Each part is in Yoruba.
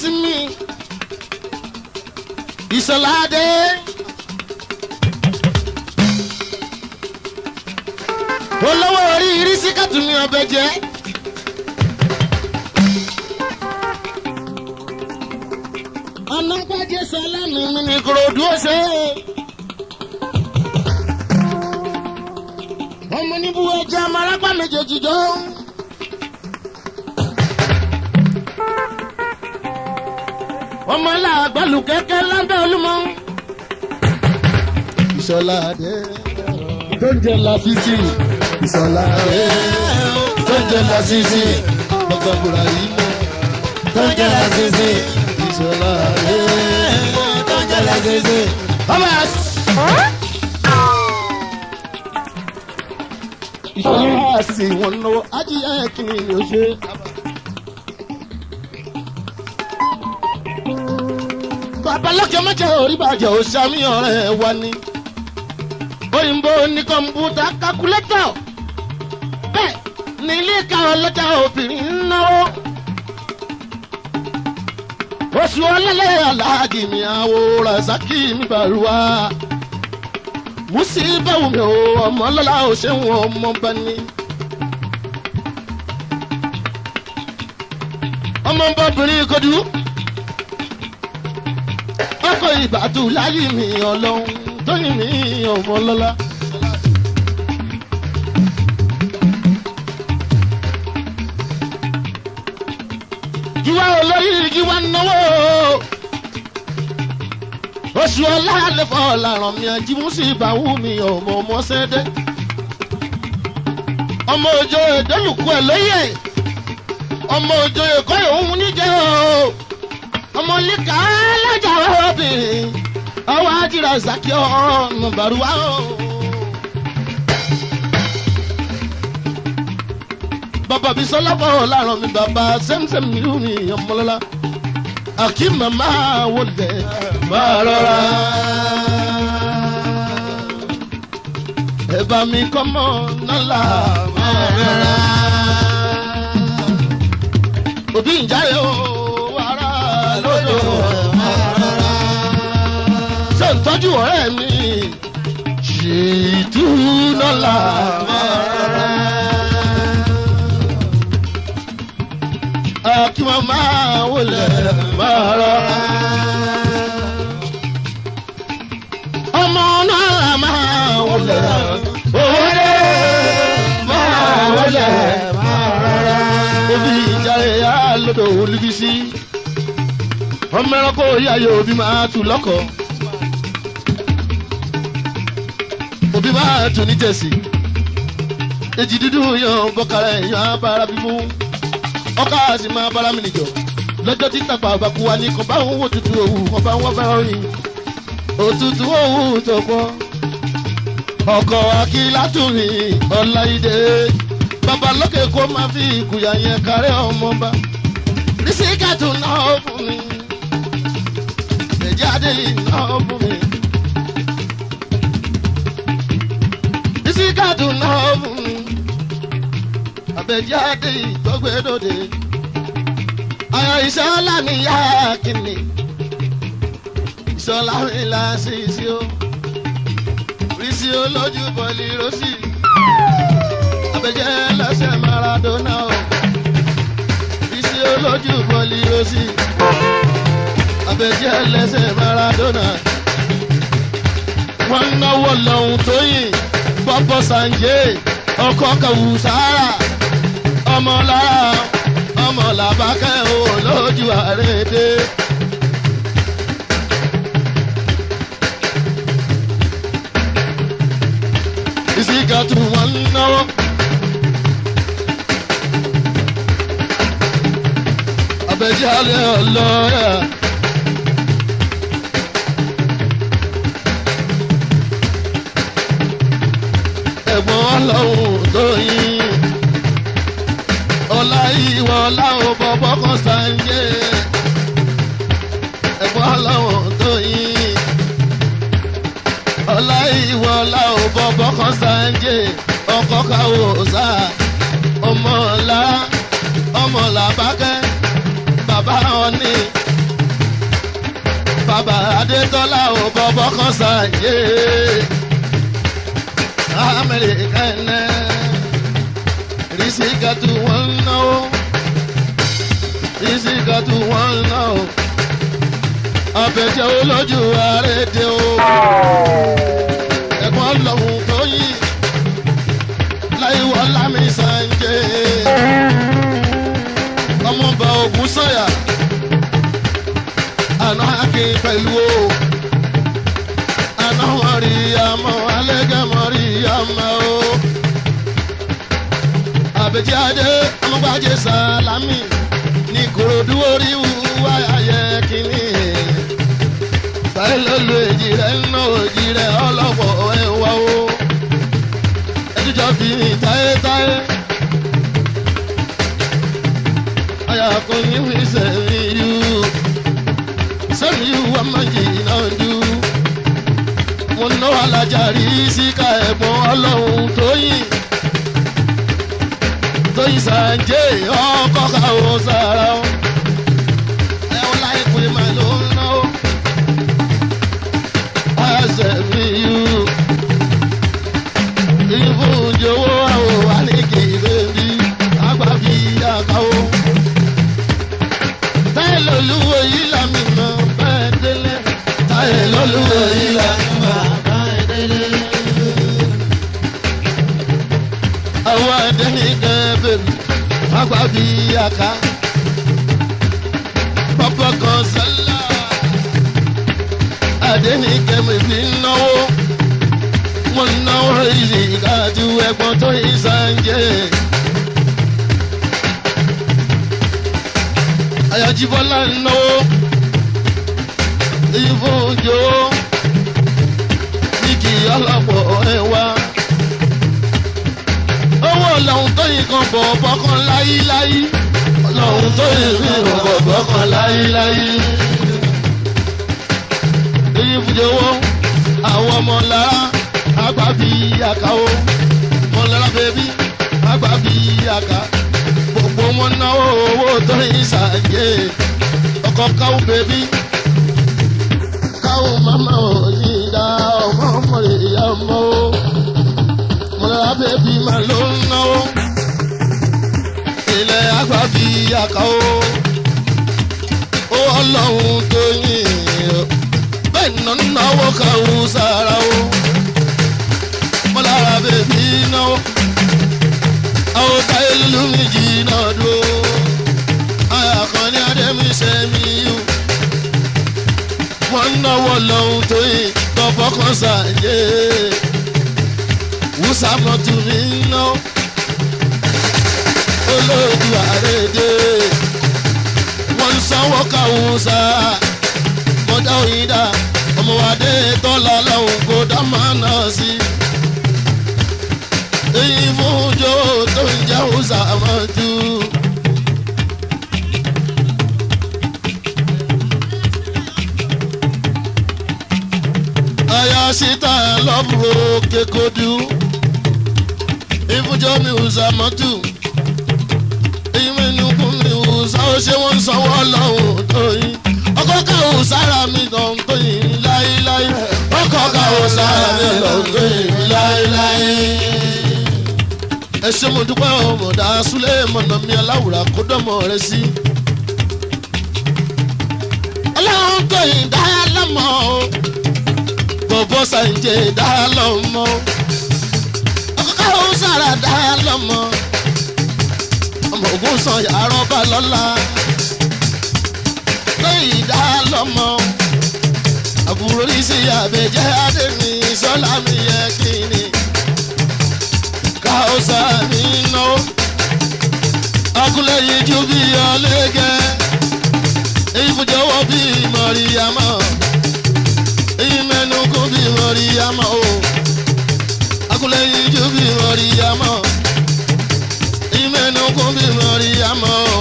miss me. Ìṣọ̀ládé. Olówó orí irísí kàtúmí ọbẹ̀ jẹ́. Anápájẹ́ sọ lẹ́nu mi ní Kòròdú ọ̀sẹ̀. Ọmọ níbu ẹja máa rápá méjèèjì jọ. ọmọlá àgbàlù kẹ́kẹ́ lábẹ́ olúmọ. ìṣọlá adé tó ń jẹ lásìsì ìṣọlá adé tó ń jẹ lásìsì gbọgbọ bùrà yìí mọ tó ń jẹ lásìsì ìṣọlá adé tó ń jẹ lásìsì. ọmọ ìṣọlá àṣìṣe ìwọ̀n náwó ajíyá ẹ̀kíní ni ó ṣe. babalọ́kẹ́ mẹ́jẹ orí bàjẹ́ òṣàmì ọ̀rẹ́ wa ni. òyìnbó ní kọ̀ǹpútà kákúlétọ̀ bẹ́ẹ̀ ní ilé ìka ọlọ́jà obìnrin ń náwó. oṣù ọlẹ́lẹ́ aláàgì mi àwòrán sákì mi bàrúwá. musi bẹ́ẹ̀ mi ò ọmọ ò ṣe ọmọ bá ní. ọmọ bá obìnrin kojú ìbàdàn láyé mi ọlọ́run tó yìn mí ọmọ lọ́lá. Gíwá olórí gíwá náwó oṣù ọlá lẹ́fọ̀ làrán mi àjímú sí ìbáwú mi ọmọ ọmọ sẹ́dẹ́ ọmọ òjò ìdólùkú ẹ̀ lóyè ọmọ òjò ìkọ́ ìhun níjẹ́ o ọmọ líkàá ọjà wẹ́wọ́ bìrì ọwọ́ àjìrà ìsàkí ọ̀nà bàrúwá o. bàbá mi sọlọ́pọ̀ láàrọ̀ mi bàbá sẹ́mísẹ́m mi rú mi ọmọlọ́lá àkí màmá wọlé máa rọra. ẹ̀bà mi kọ́mọ nálà máa rọra. òbí ìjà yóò wàrà lódò ń tọ́jú ọ̀rẹ́ mi ṣètú lọ́la mẹ́rẹ́. kí wọ́n máa wọlé mọ́rọ́. ọmọ náà máa wọlé òwúrẹ́ máa wọlé mọ́rọ́. obì ìjà ẹ̀yà lọ́dọ̀ olúbísí ọmọ ẹranko ìyá yóò bí máa tù lọ́kọ̀ọ́. bí bá a tún ní jẹ̀sì. èjì dúdú yan bọ́kàrà èèyàn á bára bí mú. ọkà á sì máa bára mi nìjọ. lọ́jọ́ tí tàpá àbàkù wa ní kan bá òun wò tútù òwú kan bá rìn. òtútù òwú tó pọ̀. ọkọ̀ akílátùmí ọláìdé. bàbá lókè kó máa fi ìkùyà yẹn kárẹ́ ọmọ bá. rísíkà tún náà fún mi. ẹ̀jẹ̀ náà fún mi. kádùn náà mú mi àbẹ̀jáde ìtọ́gbẹ́dọ̀dẹ ọ̀yọ́ ìṣọ́lá níyà kìnnì ìṣọ́lá mi là sí sí o rí sí o lójú bọ̀lì rọ́sì àbẹ̀jẹ́ lọ́sẹ̀ Maradona o rí sí o lójú bọ̀lì rọ́sì àbẹ̀jẹ́ lẹ́sẹ̀ Maradona wọ́n náwó lọ́hùn tó yìn. Pọ́pọ́ Sanje, ọkọ Kàwùsára ọmọlára ọmọlàbákẹ́ olójú àrédé. ìsìkà tù wọ́n ń náwó. abẹ́jáde ọlọ́yà. Adétọ́lá ò bọ́bọ́ kan sáyé Amẹ́ríkà ẹ̀nẹ́ rísíkà tí wọ́n ń náwó rísíkà tí wọ́n ń náwó àbẹ̀jẹ̀ olójú àrédè o ẹ̀gbọ́n lọ́hùn tó yí láìwọ́ lámì sànjẹ́ ọmọọba ògùn sọ̀yà àná ké pẹ̀lú o. àná wọn rí àmọ́ alẹ́gẹ́ mọ́ rí àmọ́ o. àbèjì adé ọmọgbàjẹ sàlámì ní korodu orí wúwá ayẹ kínní. báyìí ló lu èjì rẹ̀ ń ná òjì rẹ̀ ọlọ́pọ̀ ẹ̀ o. ẹjújọ́ fi mi táyé táyé. ayà ní fi sẹ́yìn yú sani wa mayi ìnájú. mo ná alájà rí síkà ẹ̀gbọ́n ọlọ́run tóyìn. tóyìn sànjẹ́ ọkọ̀ ká o sára o. raka pọ́pọ́ kan sálà Adéníkẹ́ mi fi ń náwó mo ń náwó ìrì káàtú ẹ̀gbọ́n tó ń sànjẹ́. Àyájíbọ́lá ń náwó ìfúnjó igi ọlọ́pọ̀ ẹ̀ wá owó lòun tó yìí kan bọ̀ bọ́kàn láyíláyí ọ̀nà òun tó ìrì ìrọ̀gbọ̀ gbọ́kàn láyéláyé. èyí fìdíwọ́ àwọn ọmọ àgbà fi àkàwọ́ mọ̀lára bẹ́bí àgbà fi àkà gbogbo wọn náwó owó tó ń ṣàyè ọkọ̀ káwọ́ bẹ́bí káwọ́ màmá òyìn dá ọmọ ọmọ rẹ̀ yá mọ́ mọ̀lára bẹ́bí màá ló ń náwó àgbà bí àká o ó ọlọ́run tó yìn bẹ́ẹ̀ nà náwó kàrún sára o mọ́lára bèbí náwó àwọn táyé lulú mi jì náà dúró àkànní adémísẹ́ mi yù wọ́n náwó lọ́hún tó yìn tọ́ fọkàn sàyè wùsàmọ́tò mi náà olóògùn àrèdè wọ́n sanwó kàwùsà mọ́dá òyìnbá ọmọwádé tọ́lá lọ́hùn kó dá máa nà sí. èyí fún ojó tó ń jẹ́ òòsà àmọ́jú. aya síta lọ́bùrò kékodu ìfúnjọ́ mi ò sàmọ́tù èyí mi ní kún mi wù sáwọ́ ṣé wọ́n ń sanwó ọlọ́run tó yín ọkọ̀ káwọn sára mi lọ́n tó yín láéláé ọkọ̀ káwọn mi lọ́n tó yín láéláé. ẹ ṣé mo dúpẹ́ ọmọdà súlẹ̀ mọ̀nà mi aláwùrà kó dọ́mọ rẹ sí. ọlọ́run tó yín dáyà lọ́mọ o bọ̀bọ̀ sàǹjẹ̀ dáyà lọ́mọ ọkọ̀ káwọn sára dáyà lọ́mọ ògùn sànyà arọ́bà lọ́la lẹ́yìn ìdá lọ́mọ àbúrò ní sí àbẹ̀jẹ́ àdèmí sọ́lá mi yẹ kí ni ká ó sá mi náwó ọkùnrin ju bí ọlẹ́gẹ́ ìfúnjọwọ́ bí mọ̀ríyàmá ìmẹ̀nukú bí mọ̀ríyàmá o ọkùnrin ju bí mọ̀ríyàmá o mẹ́nu kún bí mo rí àmọ́ o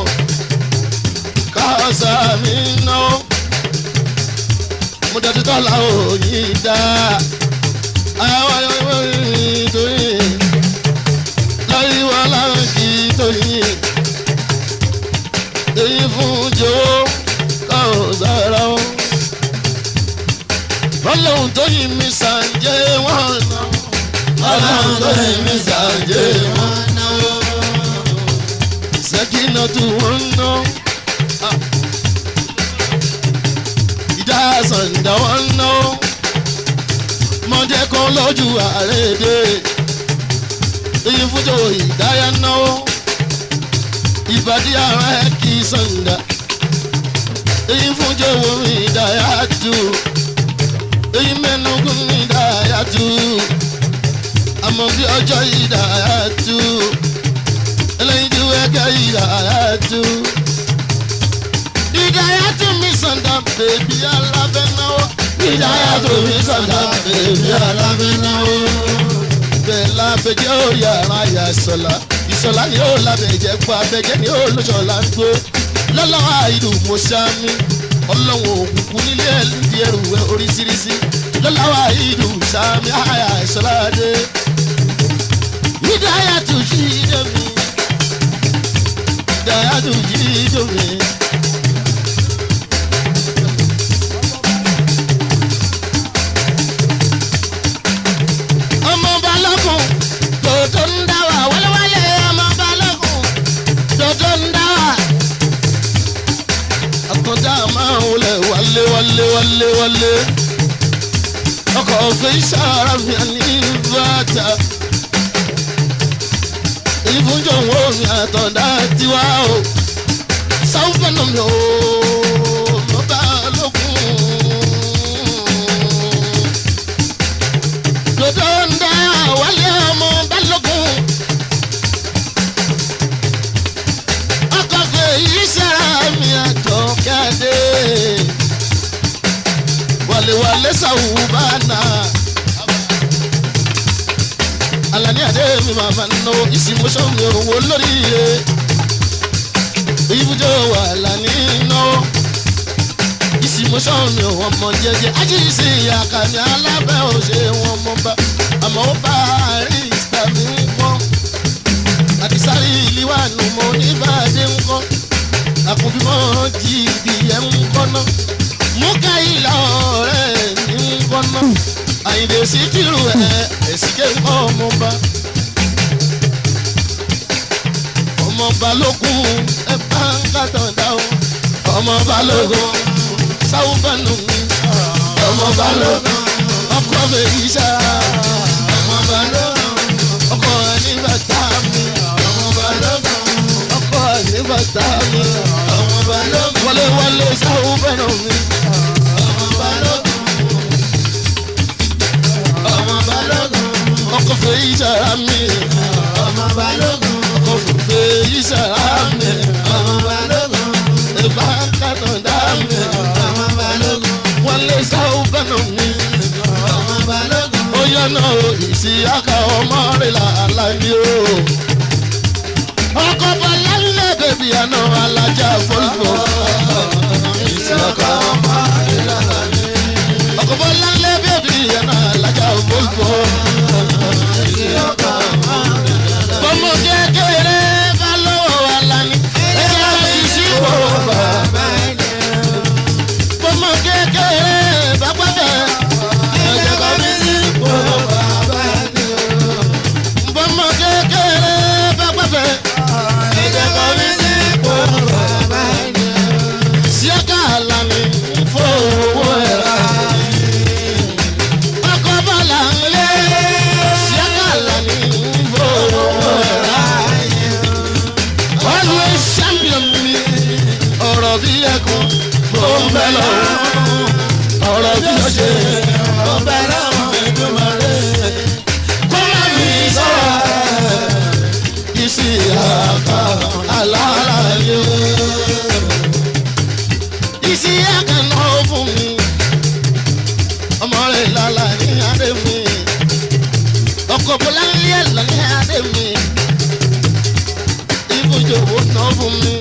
kásá mi ná o mo jẹ́ títọ́ la ò yí dá àwọn ọmọ yìí tó yìí lórí wọn láwọn kì í tó yìí èyí fún jò káwọn sára o ọlọ́run tó yìí mi sàn jẹ́ wọ́n ọlọ́run tó yìí mi sàn jẹ́ wọ́n sẹ́kínà tó ń ná. Ah. ìjà sàǹdà wọn ń ná. mọ̀jẹ̀ kan lójú ààrẹ èdè. èyí fújò ìdáyà náwó. ìbàdí ara ẹ̀ kì í sàǹdà. èyí fújò ìdáyà jù. èyí mẹ́nugún ìdáyà jù. àmọ́ bí ọjọ́ ìdáyà jù. Olenjuweke Hidayatu. Hidayatu misandam baby alabẹnawo. Hidayatu misandam baby alabẹnawo. Bẹ́ẹ̀la abẹ́jẹ́ orí ara àyà ìsọ̀la. Ìsọ̀la ni yóò labẹ̀jẹ̀ pa abẹ́jẹ́ ni yóò lọ́sọ̀la ń gbó. Lọ́lọ́wọ́ àìlú Mọ́sámi dáadù yìí jòwe. ọmọ balógun tòótọ́ wa wálewálé ọmọ balógun tòótọ́ wa. àkọjá máa ń wọlé wálé wálé wálé wálé ọkọ̀ òfin ṣàràfihàn ní bàtà ìfúnjọ̀wọ́ mi àtọ̀dá tiwa o sáfẹ́nà mi ò mọ bá lókun. dodo ń dá wálé ọmọ bá lókun. ọkọ̀ fèyí sára mi àjọ káde wàlewàle sàwùbá náà ní àdé mi máa bá ná ìsìmọ́ṣọ́ mi òwò lórí rẹ̀ ibùjọ wà lání náwó ìsìmọ́ṣọ́ mi òwò ọmọ jẹjẹ ajíṣe ìyàkà mi alábẹ́ òṣè wọn mọ́ bá àmọ́ ó bá àárín ìta mi mọ́ àdìsárì ìlíwà nù mo ní bàdé ńkọ́ àkùnfífọ́ jìbìyẹ ńkọ́ náà mú ká ìlà ọ̀rẹ́ mi ńkọ́ náà àyìnbó síkírù ẹ̀ èsìké ọmọọba ọmọọba lógún Momba bá látọ̀dá o ọmọọba lógún sáwùbá nù Momba lógún ọkọ bèyí sá ọmọọba lógún ọkọ ẹni bàtà mi ọmọọba lógún ọkọ ẹni bàtà mi ọmọọba lógún wale wale sáwùbá nù mi. ìṣẹ̀ra mi. ọmọ balógun kò fòkè ìṣẹ̀ra mi. ọmọ balógun ìbá kàtàndá mi. ọmọ balógun wọ́n lé sáwọ́ bẹ́nà mi. ọmọ balógun ó yànnà òyìnbí aka ọmọ rẹ̀ làlàyé o. ọkọ̀ bàlá nílẹ̀ bèbí àná alájà fọlùfọ̀. ìṣèkà ọmọ rẹ̀ làlàyé. ọkọ̀ bàlá nílẹ̀ bèbí àná alájà fọlùfọ̀ sí ọkàn. ọmọ kékeré. lọ ọ̀rọ̀ tí yóò ṣe ọbẹ̀ láwọn ẹ̀dùn máa rẹ̀ kó má mi sọ̀rọ̀ kì í sí àkà aláàlàyé ìsì àkànná fún mi ọmọ rẹ̀ lálà ní adé mi ọkọ̀ bọ́lá ń lé ẹ̀ lọ ní adé mi ibùjọ̀ wò ná fún mi.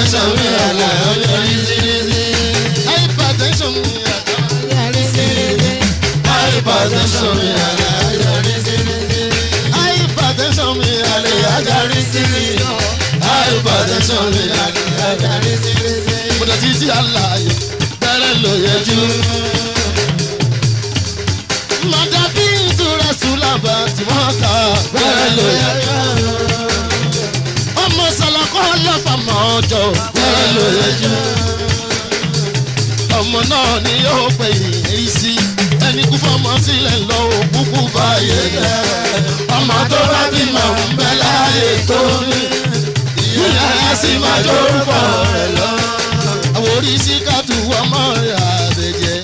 hypertension mi àlà ọjọ́ ní sírísí. hypertension mi àlà ọjọ́ ní sírísí. hypertension mi àlà ọjọ́ ní sírísí. hypertension mi àlà ọjọ́ ní sírísí. hypertension mi àlà ọjọ́ ní sírísí. mo tí wọ́n kà bẹ́rẹ̀ ló wọ́n lọ́fà mọ́ ọjọ́ pẹ̀lú ẹjọ́. ọmọ náà ni yóò pè é sí ẹni kú fọmọ sílẹ̀ lọ òkúkú báyé jẹ́. ọmọ tó bá bímọ ń bẹ láàyè tó ní ìyá ẹ̀ sì máa dórúkọ rẹ̀ lọ. àwọn orí síkàtù ọmọ rẹ̀ àbẹ̀jẹ́.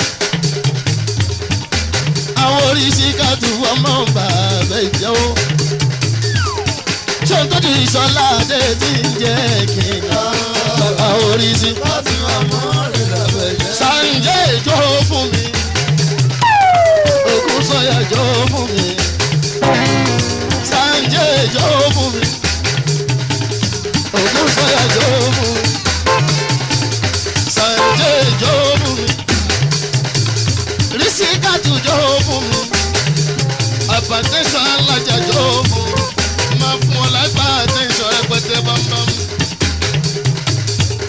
àwọn orí síkàtù ọmọ bàbẹ̀ jẹ́ ti sọlá adé ti ń jẹ́ kínní. Bàbá orí sí. Sànjẹ́ ìjọ fún mi. Ògùn sọ̀yà jọ fún mi. Sànjẹ́ ìjọ fún mi. Ògùn sọ̀yà jọ fún mi. Sànjẹ́ ìjọ fún mi. Rísíkà tùjọ́ fún mi. Àbàtẹ́sán alájà jọ fún mi ayé bọ́m̀bọ́m.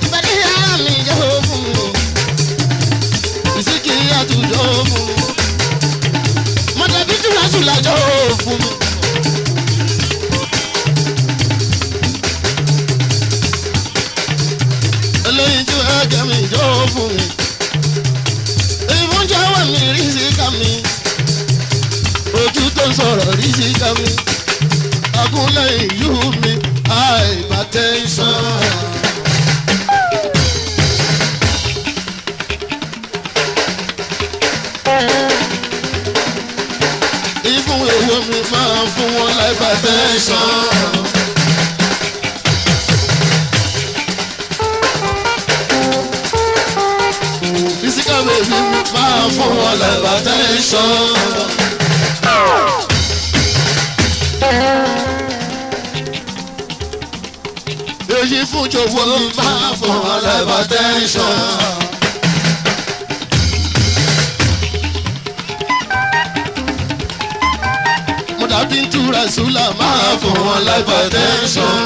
ìbàdí ara mi jẹ́ òfun o ìsìnkì àtúndọ̀ òfun mọ̀tẹ́bí sọ̀rọ̀ rí sí ká mi. ìlú attention. mi máa fún wọn life attention. physical baby máa fún wọn life attention. fún jòwó mi máa fún ọlẹ́bà tẹ́ńsán. mọ̀dàbí ń túra sùlà máa fún ọlẹ́bà tẹ́ńsán.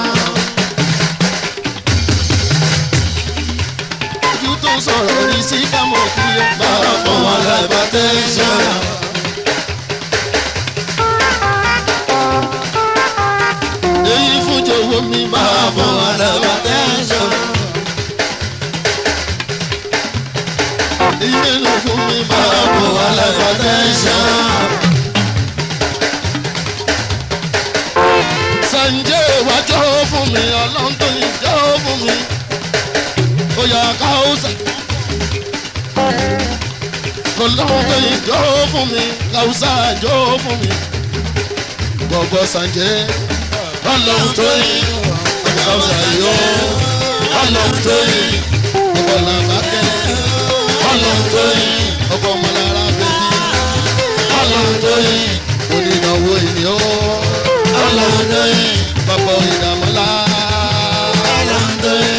ojú tó sọ̀rọ̀ ní sígámọ̀ kí ó máa fún ọlẹ́bà ṣe wù mí máa bọ̀ àdàbà tẹ́ṣọ̀. Ilé ló fún Sanje wa bọ̀ àdàbà tẹ́ṣọ̀. Sànjẹ́ ìwà jọ́ fún kausa ọlọ́ntún ìjọ́ fún mi. Ó yà ká ó sàn. sanje. ìjọ́ fún mi, Kàwùsà jọ́ fún mi ọlọ́run tó ní ọ̀sà yó ọlọ́run tó ní ọ̀pọ̀ làbá kẹ́lẹ́ ọlọ́run tó ní ọ̀pọ̀ mọ̀lára bẹ́ẹ̀ ọlọ́run tó ní onídàwó ìyó ọlọ́run tó ní bàbá ìdàmọ́lá ọlọ́run tó ní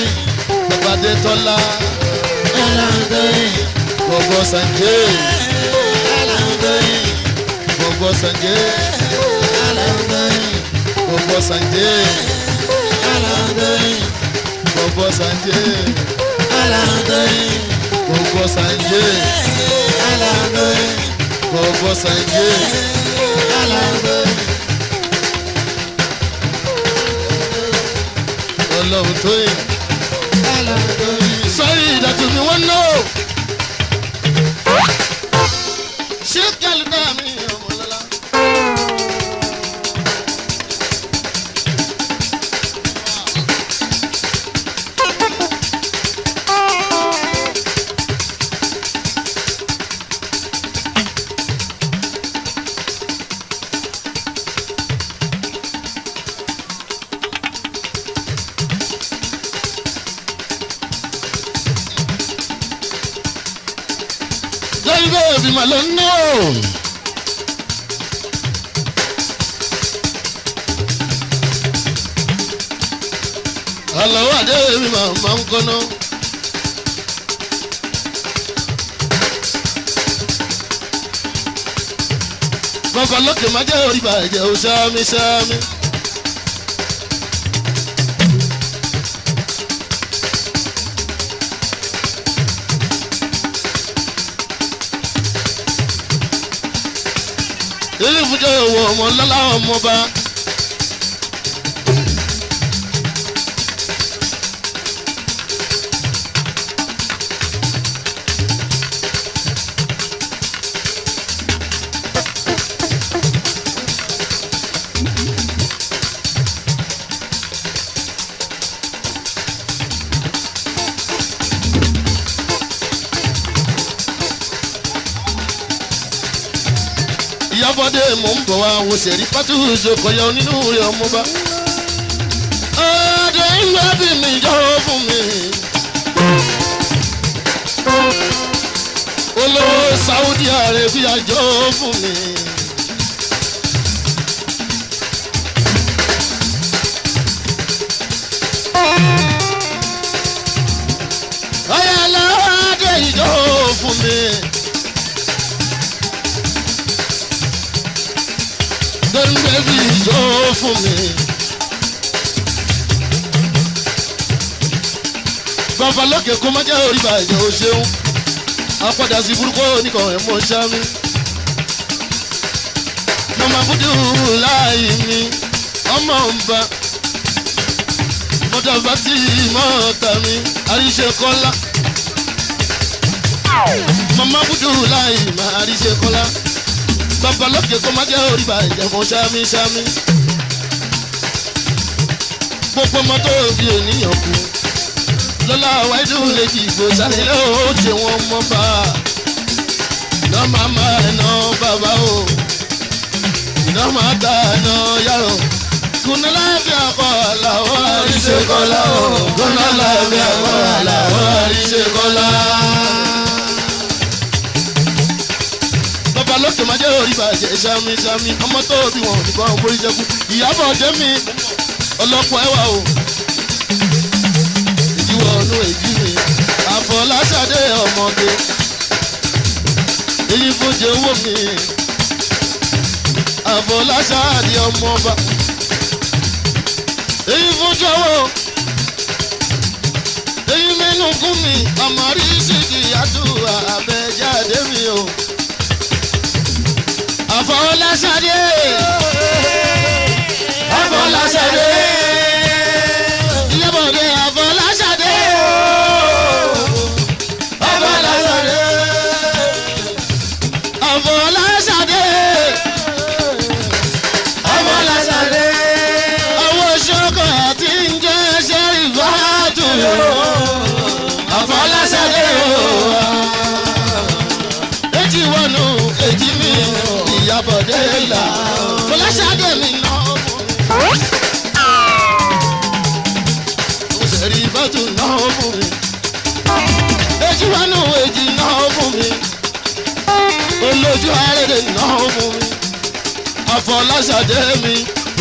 bàbá dẹ́tọ́lá ọlọ́run tó ní bàbá sànjẹ́ ọlọ́run tó ní bàbá sànjẹ́. Bobo Sanje, Alandoyin. Bobo Sanje, Alandoyin. Bobo Sanje, Alandoyin. Bobo Sanje, Alandoyin. Ọlọ́run tó yẹ. Alandoyin. Sọ́yìn ìdàtúmí wọn náà. ọlọ́kẹ́ má jẹ́ orí bàjẹ́ o ṣáámi ṣáámi. ìlú ìfúnjẹ́ òwò ọmọ lọ́lá ọmọba. kò wá wo sẹ̀rí pátú ìṣòkòyọ nínú rẹ̀ ọmọ bá. ọdẹ ìwé bí mi jọ̀wọ́ fún mi. olówó Saudi Arabia jọ̀wọ́ fún mi. bébí tó fún mi. babalókè kó má jẹ́ orí bàjẹ́ o ṣeun apádà mama budu lai mi ọmọ ń bá mọ́tò bá ti mama budu láì má àríṣe bàbá lókè kó má jẹ́ orí bá ìjẹ̀kùn ṣámíṣámí. gbogbo ọmọ tó bí ènìyàn kú lọ́lá wáìdù lè jí ìgbò sáré lọ́wọ́ ó jẹ wọn mọ́ bá a. iná máa má ẹ̀nà bàbá o iná máa ẹ̀nà yàrá kùnà láàbí àpọ̀ àlàó àríṣekọ́lá o kùnà láàbí àpọ̀ àlàó àríṣekọ́lá. lókè máa jẹ́ orí bàjẹ́ ṣami ṣami ọmọ tó bí wọn ò ní bá orí jẹ́kú ìyábọ̀ jẹ́mi ọlọ́pọ̀ ẹwà o. ìdíwọ̀ ọ̀nù èjì mi àfọláṣadé ọmọge èyí fún jẹ owó mi àfọláṣadé ọmọọba èyí fún jọwọ́ èyí mẹ́nu kún mi àmọ́rí sí kìí àdúrà àbẹ̀jáde mi o. Afọláṣadé Afọláṣadé. Fọláṣadé mi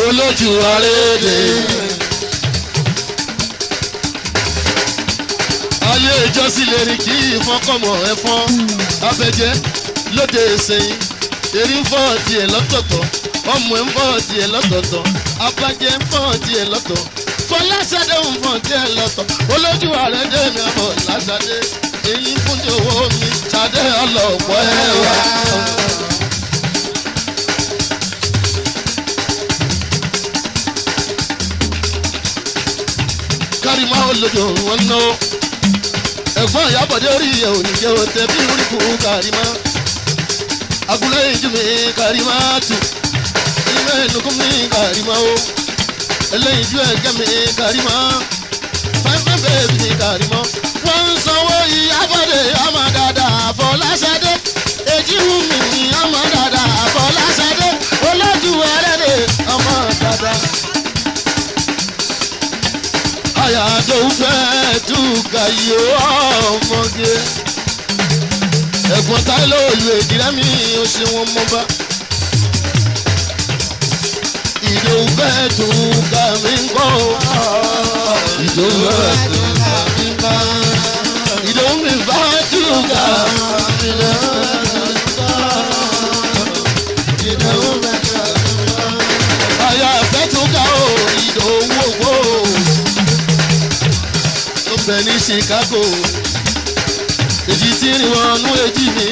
olójú arédè. ayé ìjọsìn lè rìn kí ìfọkànmọ́ ẹ̀fọn abẹ́jẹ́ lóde ìsẹ̀yìn èrí ń fọ́ tiẹ̀ lọ́tọ̀ọ̀tọ̀ ọmọ ń fọ́ tiẹ̀ lọ́tọ̀ọ̀tọ̀ abájẹ́ ń fọ́ tiẹ̀ lọ́tọ̀ Fọláṣadé ń fọ́ tiẹ̀ lọ́tọ̀ olójú arédè mi ọmọ Fọláṣadé èyí fúnjẹ owó mi ṣadé ọlọ́pọ̀ ẹ̀ kárí máa ń lòdò wọn ná o. ẹ̀gbọ́n ìyábọ̀dé orí ẹ̀ ò ní jẹ́ o tẹ bí orí kù kárí má. agúnlẹ̀ ìjú mi kárí má tù. ilé ìnukún mi kárí má o. ẹlẹ́yin ju ẹ̀gẹ́ mi kárí má. fẹ́fẹ́ bèbí ni kárí má. wọ́n ń sanwó ìyábọ̀dé ọmọ dáadáa fọláṣadé. èjì wù mí ọmọ dáadáa fọláṣadé. olójú ẹlẹ́dẹ̀ ọmọ dáadáa aya tó ń fẹ́ túkà yìí ọmọge. ẹ̀gbọ́n táìlò ìlú èdìrẹ́ mi ò ṣe wọn mọ́ bá. ìdòwú fẹ́ túkà mí ń kọ́. ìdòwú fẹ́ túkà mí ń kọ́. ido. mi fẹ́ túkà mí ń kọ́. ìdòwú. ìfẹ́ ní Chicago èjì tí ń wọn nú èjì mi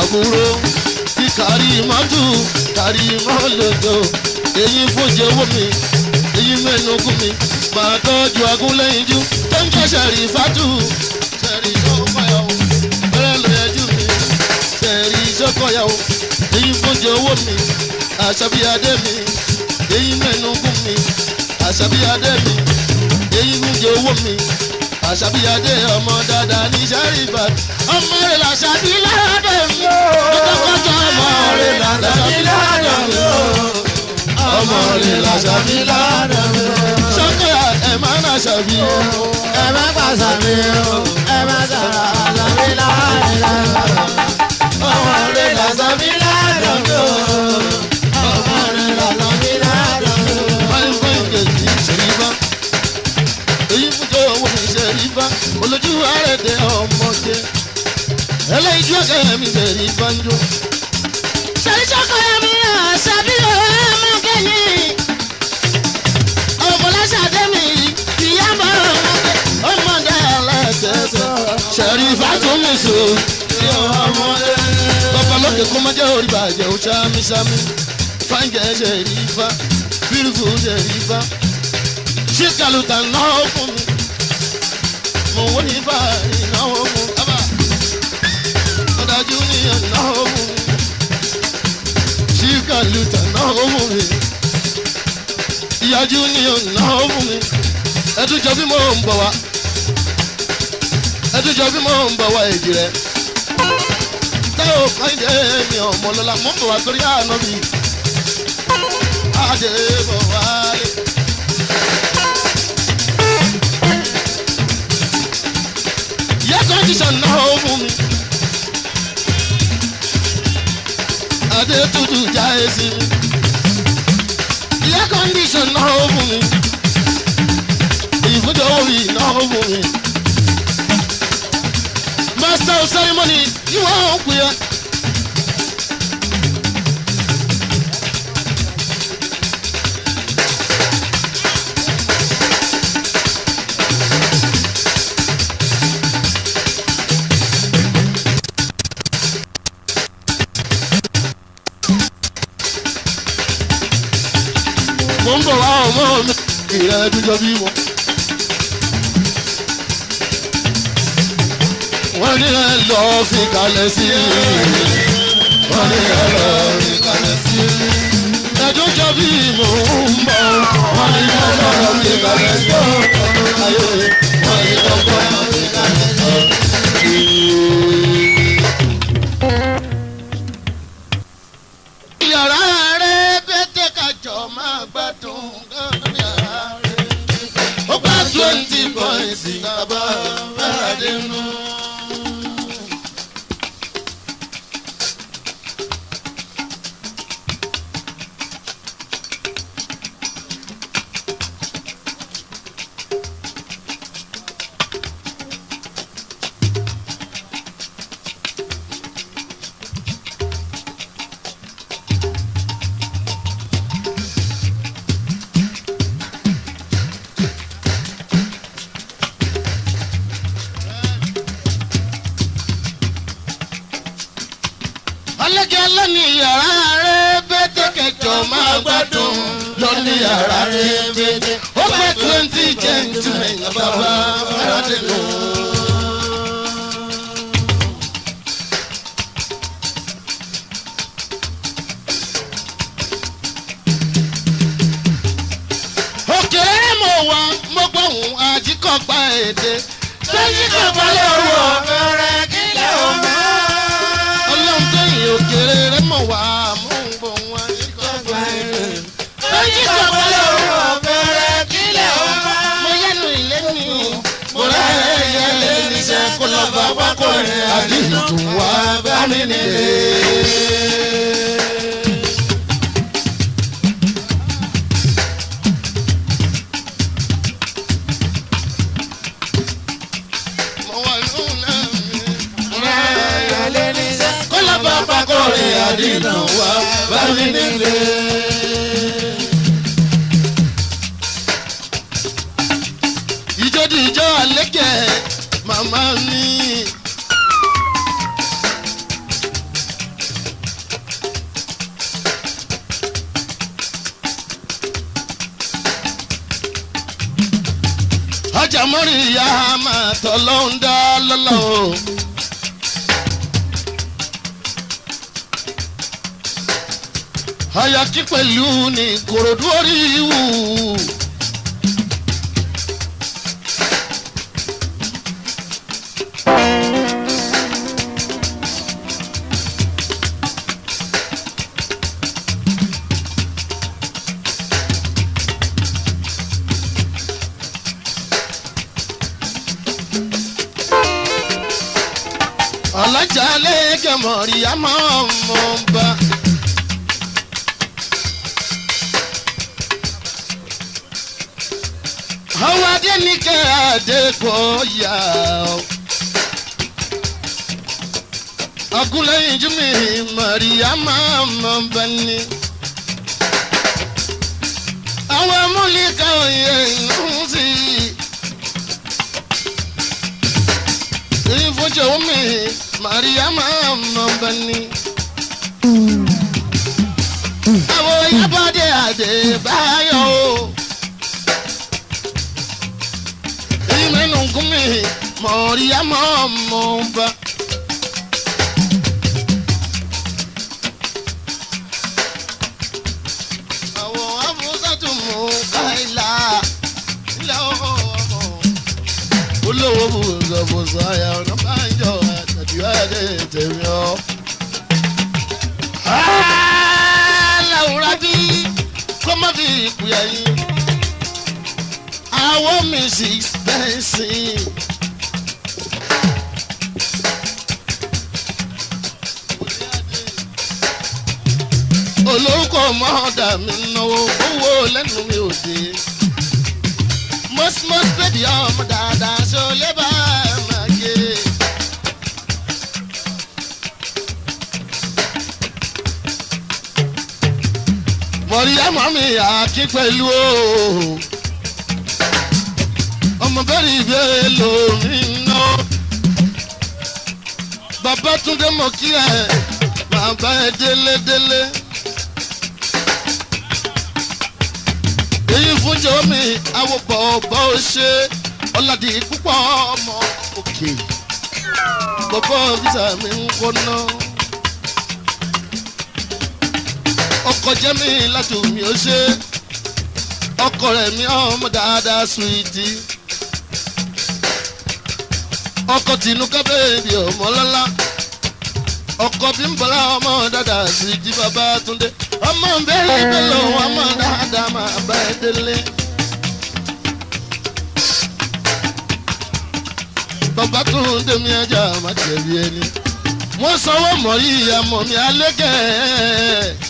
àbúrò tí kárí mọ́tò kárí mọ́lòdò èyí fòjì owó mi èyí mẹ́nu kú mi màá tọ́jú agúnlẹ́yinjú tó ń jẹ́ sẹ́rí fátù sẹ́rí sọ́kọ̀yàwó bẹ́rẹ̀ ló yẹjú mi sẹ́rí sọ́kọ̀yàwó èyí fòjì owó mi àṣàbíyadé mi èyí mẹ́nu kú mi àṣàbíyadé mi èyí ń jẹ owó mi àṣàbíyájẹ ọmọ dáadáa ní sẹ́rífà ọmọ rẹ̀ làṣàbí ládẹ̀ mi ọjọ́kọ̀jọ́ ọmọ rẹ̀ làṣàbí ládẹ̀ mi ọmọ rẹ̀ làṣàbí ládẹ̀ mi. sọ́kẹ́ ẹ̀ máa ń àṣàbí ẹ má pàṣàbí ẹ má sọ̀rọ̀ àṣàbí ládẹ̀ mi ọmọ rẹ̀ làṣàbí ládẹ̀ mi. arẹ̀dẹ̀ ọmọdé eléyìí tí ó kẹ́ mi bẹ̀rẹ̀ ìbánjú. sọ̀rọ̀sọ̀kọ mi hàn sábì kẹ́yìn ọ̀pọ̀lọ́sàdé kó má jẹ́ orí bàjẹ́ ó sámísámí fáńjẹ́ ṣe rí ifá bírúfù ṣe rí ifá ṣé kàlùtà náà fún mi òun ní fà ìnáwó mu kábà ọ̀dájú ní ìnáwó mu ṣíkà lùtà ìnáwó mu mi ìyájú ní ìnáwó mu mi ẹdújọ bí mo ń bọ̀ wá ẹdújọ bí mo ń bọ̀ wá èjì rẹ̀ tẹ́ ò káyìndé mi ọ̀mọ́lọ́lá mo ń bọ̀ mi àdébọ̀ wá. politician náà ó mú mi. Adétutù já èsì mi. Ilé condition náà ó mú mi. Ìfúnjọwọ́ yìí náà ó mú mi. Master of ceremony, You are yẹn. bọ̀ ọmọ mi ẹdúnjọ bí wọn. wọ́n ní ẹ lọ fi kalẹ̀ sí i wọ́n ní ẹ lọ fi kalẹ̀ sí i. ẹdúnjọ bí mò ń bọ̀ wọ́n ní ẹ lọ fi kalẹ̀ sí i. wọ́n ní ọgbọ́n. sí. bàbá aládé nù. tọ́lọ́hún dá lọ́lá o. àyàkí pẹ̀lú ní kòròdú orí wù. Maryama mabani awa mulika oye nusi ifojo mi Maryama mabani awo yabade ade bayo imenu gumi Maryama mabani. olórúkọ mọ́ọ̀dà mi náwó owó lẹ́nu mi ò dé. mọ́símọ́sí bèbí ọmọ dáadáa ṣe ó lé bá ẹ máa gé. mọ̀ríyámọ́ mi àkí pẹ̀lú o ọmọ bẹ́ẹ̀rì ìbéèrè lòmí ná Babátúndé mọ̀ kí ẹ̀ bàbá ẹ̀ délé délé. omi awopọ̀ bọ́ ó ṣe ọ̀làdì púpọ̀ ọmọ òkè bọ́bọ́ fisa mi ń kọ́nà. ọkọ̀ jẹ́ mi látò mi ó ṣe ọkọ rẹ̀ mi ọmọ dáadáa suwiti ọkọ tìǹú kábẹ́ẹ̀bì ọmọ lọ́lá ọkọ bí ń bọ̀lá ọmọ dáadáa sí jí bàbá túndé ọmọ bẹ́ẹ̀ bẹ́ẹ̀ lọ́wọ́ ọmọ dáadáa máa bá ẹ délé. bàbá tún dèmi ẹja má tẹ̀lé ẹni. wọ́n sanwó mọ̀ yìí àmọ̀ mi alẹ́ kẹ́ẹ̀.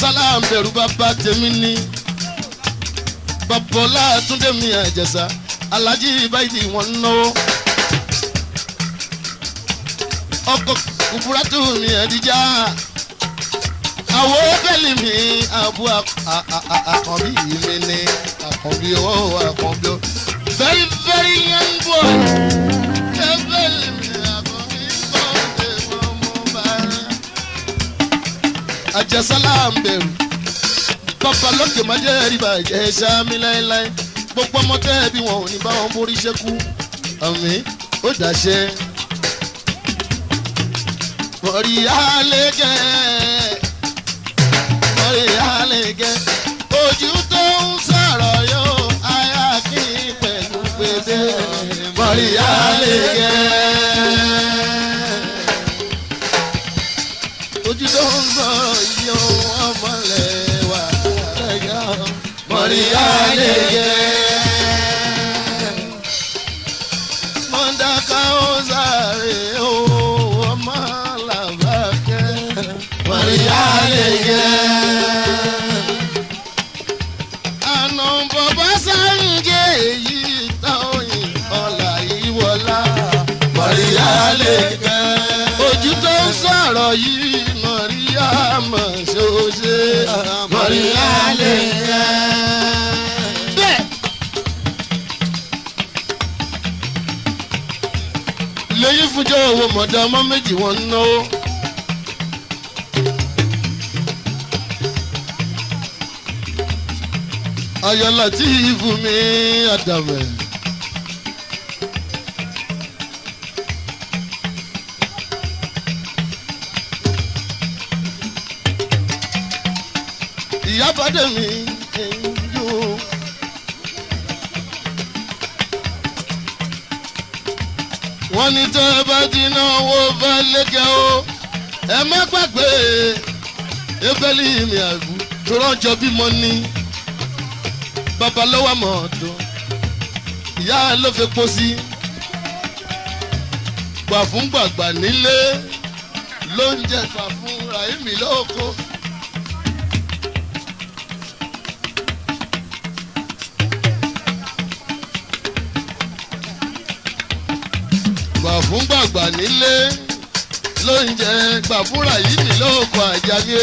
sálà bẹ̀rù bàbá tèmi ní. bàbọ́lá túndé àjẹsà alájí báyìí wọ́n náwó. ọkọ̀ kúburátù mi àdíjà àwọ̀ bẹ́ẹ̀lì mi àbú àkànbí mi ní àkànbí ó àkànbí ó very very young boy. àjẹsálà ń bẹ̀rù bàbá lókè má jẹ́ rí bàjẹ́ ṣáàmì láéláé gbogbo ọmọ tẹ́ bí wọn ò ní bá wọn borí ṣẹ́kù àmì ó dàṣẹ. mọ̀rí àlẹ́gẹ́ mọ̀rí àlẹ́gẹ́ ojú tó ń sọ̀rọ̀ yóò ayá kí pẹ̀lú pèsè mọ̀rí àlẹ́gẹ́. Marianne fújọ́ owó mọ̀dá ọmọ méjì wọn ń náwó. ayọ̀lá tí ìfún mi àdàmẹ̀. ìyá bá mi. bá ti náwó bá lékè o ẹ má gbàgbé ebeli mi àbú tó rọ́jọ́ bímọ ní babalọ́wọ́ mọ̀ ọ́dọ́ ìyá ló fi pọ́ sí gbà fún gbàgbà nílé ló ń jẹ fà fún Rahimi lóko. fún gbàgbà nílé lóúnjẹ gbàfúrà yìí nílò ọkọ̀ àjàgbé.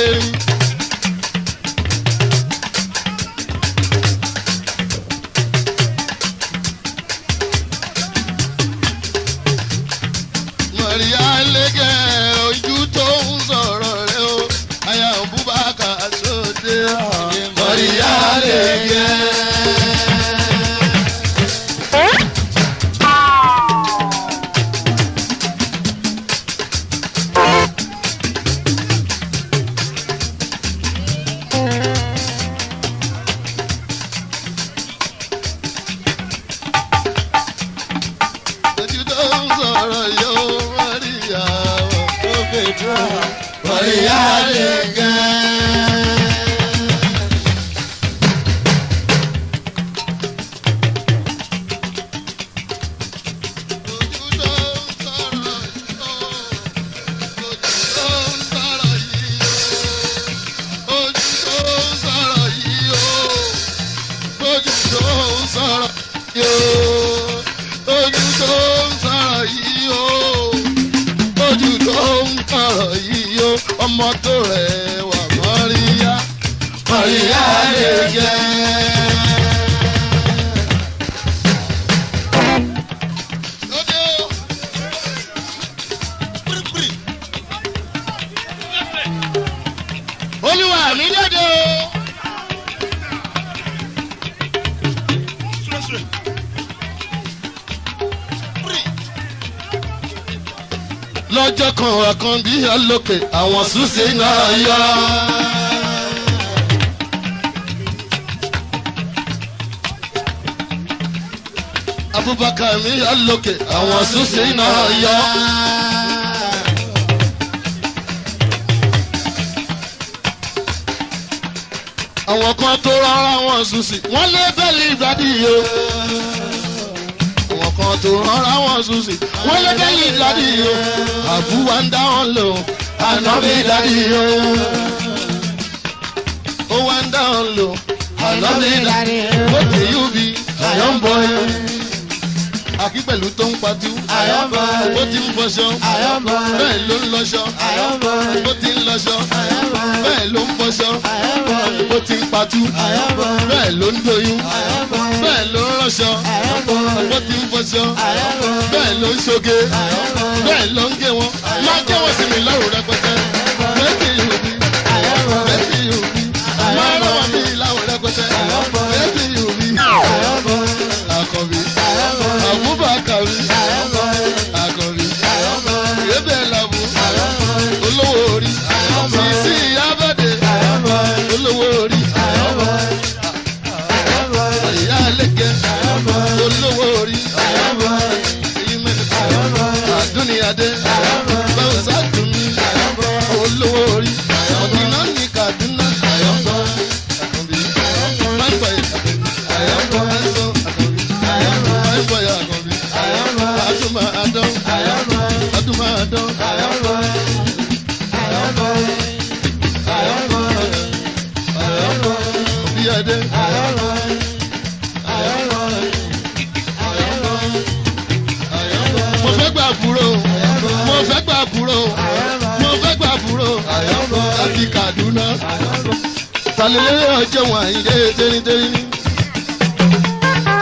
sínú yọ. Abubakar mi yọ lókè àwọn sùn sínú yọ. àwọn kan tó rárá wọn sùn sí wọn lé bẹ́ẹ̀lì ìgbàdí yìí o àwọn kan tó rárá wọn sùn sí wọn lé bẹ́ẹ̀lì ìgbàdí yìí o àbúwá ń dá wọn lò ó ànábì dádì o. ó wá ń dáhùn lò ànábì dádì o. ó dé ubi àyàn ń bọ ẹ. Àkí pẹ̀lú tó ń patú. Àyàn bọ̀ ẹ́. Ó ti ń fọṣọ. Àyàn bọ̀ ẹ́. Bẹ́ẹ̀ ló ń lọṣọ. Àyàn bọ̀ ẹ́. Ó ti ń lọṣọ. Àyàn bọ̀ ẹ́. Bẹ́ẹ̀ ló ń fọṣọ. Àyàn bọ̀ ẹ́. Ó ti ń patú. Àyàn bọ̀ ẹ́. Bẹ́ẹ̀ ló ń doyún. Àyàn bọ̀ ẹ́. Bẹ́ẹ̀ ló ń rọṣọ. Àyàn bọ̀ ẹ́. Ó ti ń fọṣọ. Àyàn bọ̀ ẹ́. Bẹ́ẹ̀ ló ń ṣoge. Àyàn bọ̀ ẹ́. Bẹ́ẹ̀ ló ń gé wọn. Má Se mi with that. Alelúyà ọjọ́ wọn Àyìndé tẹ́rìntẹ́rìn ní.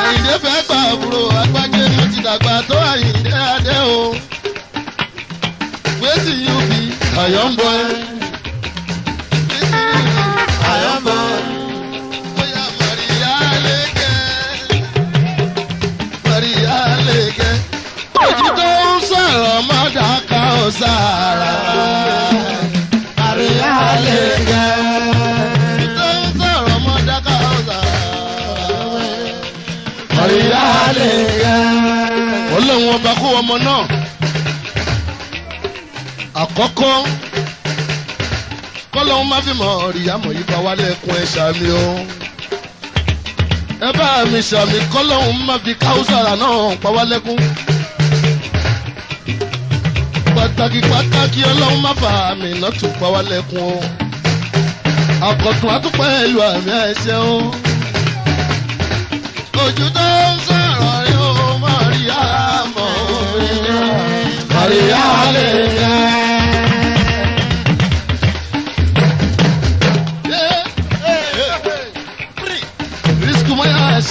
Àyìndé fẹ́ àbúrò agbájé ní ti dàgbà tó Àyìndé adé o. Wéètì yóò fi àyọ̀ ń bọ̀ ẹ́. àkọ́kọ́ kọ́lọ́hún má fi mọ̀ ọ̀rìyàmọ̀ yìí bá wá lẹ́kùn ẹ̀ sàmì o. ẹ bá mi sàmì kọ́lọ́hún má fi káwùsàrà náà pa wá lẹ́kùn. pàtàkì pàtàkì ọlọ́hún má fà mí náà tún pa wá lẹ́kùn o. àkọ́tún àtúpẹ́ ìlú àmì ẹ̀ṣẹ̀ o. ojú tó ń sọ̀rọ̀ yóò mọ̀ rí àmọ́ rí àmọ́ rí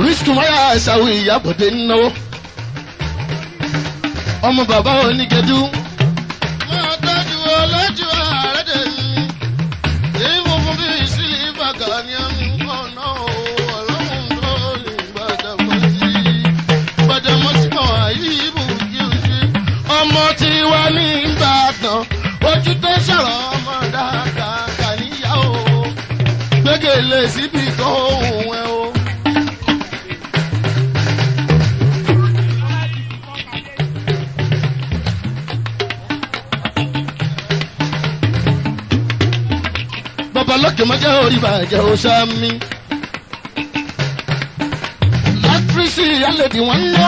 oríṣìí máyà ṣàwọn ìyàbọ̀dé ń náwó ọmọ bàbá onígẹdú. máa tọ́jú ọlọ́jú ààrẹ dè mí èyí mo fún bí ìsílẹ̀ ìbàgà ni a ń kọ́ náà o ọlọ́run tó lè gbàdàmọ́sí gbàdàmọ́sí kan àyè ìbò kí o ṣe. ọmọ tí wà ní ìbàdàn ojú tó sọ̀rọ̀ ọmọ dáadáa kà níyàwó gbẹ́gẹ̀lẹ̀ síbi. lókè mọ́jà orí bàjẹ́ ó sámi. látírísì alẹ́dì wọn ń lọ.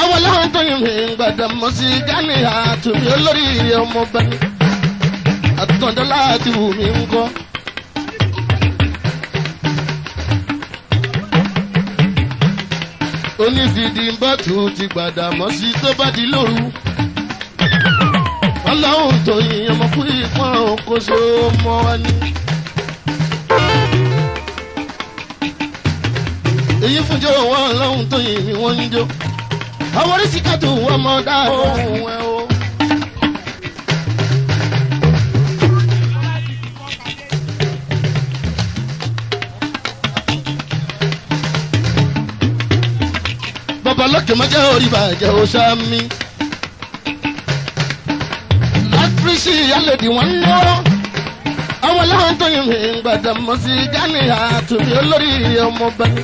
àwọn aláwọ̀ tó yin mi gbàdọ̀ mọ́ sí gánì àtúmí olórí ọmọ bani. àtọ̀dọ̀ láti wù mí ń kọ́. onífìdí bọ́tù ti gbàdà mọ́ sí tó lóru ọlọ́run tó yin ọmọkùnrin pọ́n òkóso mọ́ wa ní. èyí fúnjọ wọn ọlọ́run tó yin mi wọ́n ń jó àwọn oríṣi kàtó wọn mọ dáadáa òun ẹ o. bàbá lókè mọ́jà orí bàjẹ́ ó mi. lèdì wọ́n ń lọ́wọ́ àwọn aláwọ̀ tó yin mi gbàdámọ́ sí gánì àtúnbí olórí ọmọọba ni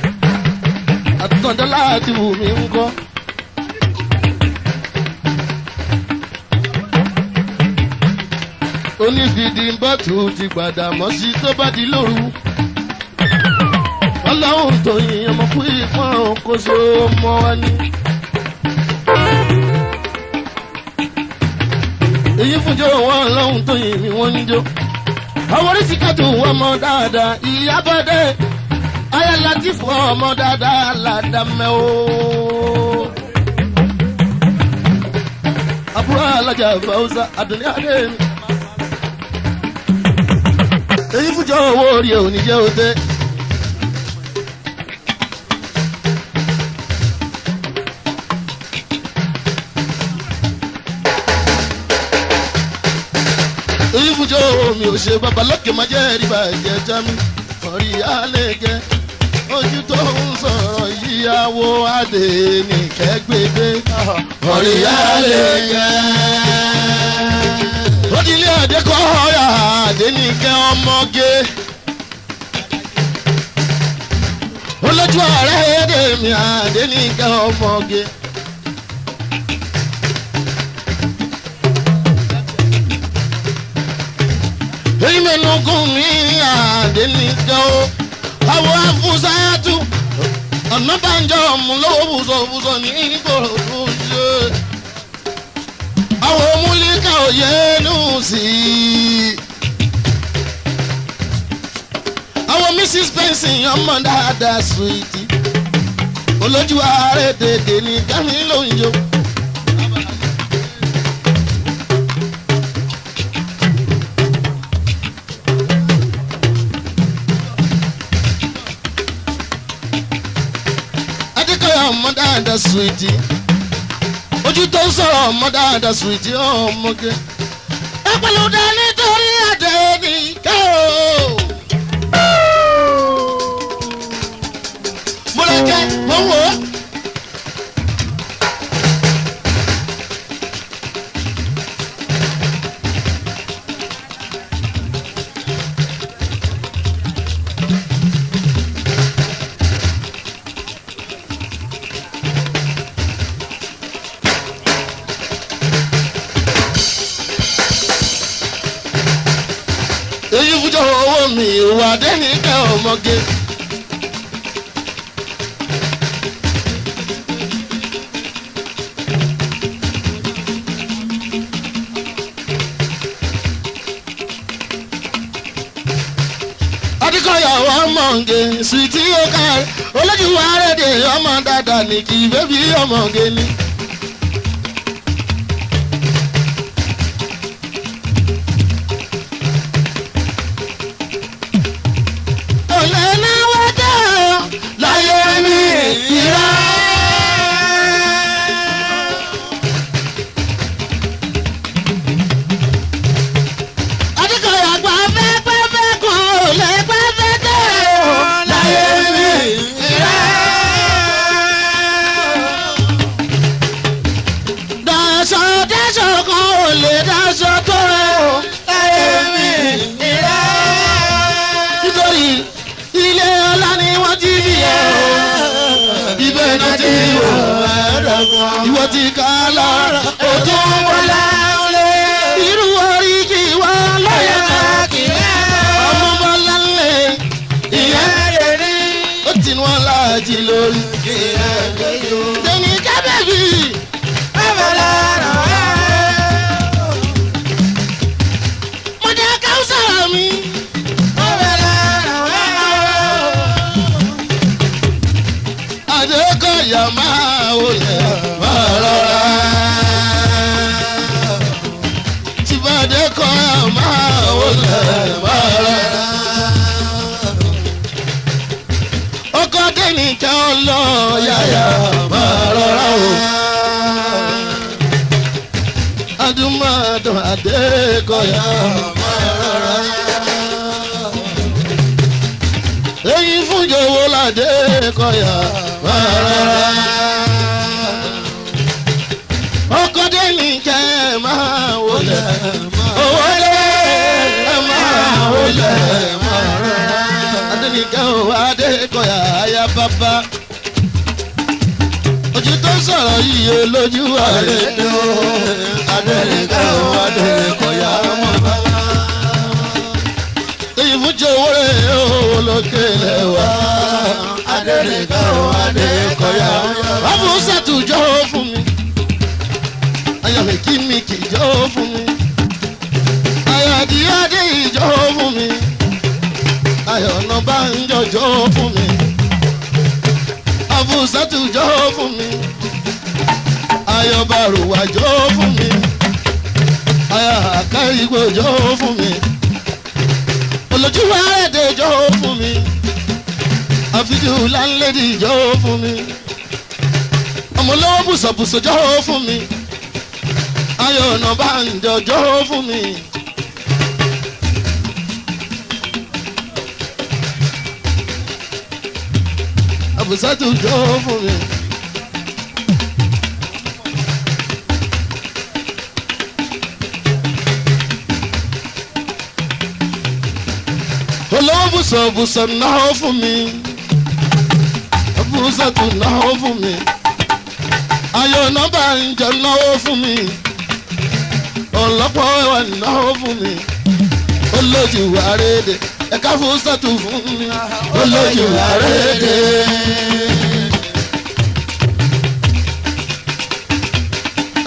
àtúntàn láti wù mí ń kọ́. onífìdí bọ́tù ti gbàdámọ́ sí tó bá di lóru ọlọ́run tó yin ọmọkùnrin pọ́n kó so mọ́ wá ní. èyí fúnjó wọn lọ́hùn tó yìn mí wọ́n ń jó. àwọn oríṣi kẹ́tù wọn mọ dáadáa ìyá bọ́dẹ̀ ayáyá tí fún ọmọ dáadáa ládàmẹ́ o. àbúrò alájà fàwùsà àdùnní adé mi. èyí fúnjó owó orí ẹ̀ jẹ́ òde. kújọ mi ò ṣe babalókè má jẹ́ rí bàjẹ́ já mi orí àlẹ́gẹ́ ojú tó ń sọ̀rọ̀ yíyáwó adé nìkẹ́ gbédé orí àlẹ́gẹ́. ó di ilé àdékọ́ ọ̀yà àdénìkẹ́ ọmọge. olójú ọ̀rẹ́ èdè mi àdénìkẹ́ ọmọge. ìmẹ̀nukùn mi àdénijọ́ àwọn afúnṣáàtù ọ̀nàbànjọ́ ọ̀mùlówó bùsọ̀bùsọ̀ ní ìgbòho ṣe. àwọn múlíkà òye nù sí i. àwọn mrs benson ọmọ dáadáa sweet olójú ààrẹ dèdè ní gámi ọmọ dáadáa sùwìtì ojú tó ń sọ̀rọ̀ ọmọ dáadáa sùwìtì ọmọge. ẹ̀pẹ̀lúdà nítorí àjẹ́ nìkẹ́ o. mo lọ jẹ́ mo wò ó. Adéníkẹ́ ọmọge. adikọyàwó ọmọge sweet yóò ká olójú wa rẹ̀ dé ọmọ dáadáa nìkì bébí ọmọge ni. ìjọ fún mi Àyàndé Adé ìjọ fún mi Ayọ̀ Ọ̀nàbánjọ jọ fún mi Àfúsàtù jọ fún mi Ayọ̀ Bàrùwà jọ fún mi Àyà Àkàrìgbò jọ fún mi Olójúwà Ẹ̀dẹ̀ jọ fún mi àfijù láńlẹ́dì jọ fún mi ọmọlọ́wọ́ bùsọ̀bùsọ̀ jọ fún mi. Táyọ̀ Ọ̀nàbánjọ jó fún mi. Àbùsátù jó fún mi. Olóbùsọ̀bùsọ̀ náà fún mi. Àbùsátù náà fún mi. Ayọ̀ Ọ̀nàbánjọ náà fún mi ọlọ́pọ̀ ẹwà náà fún mi olójú àrédè ẹ̀ka fún sọ́tù fún mi olójú àrédè.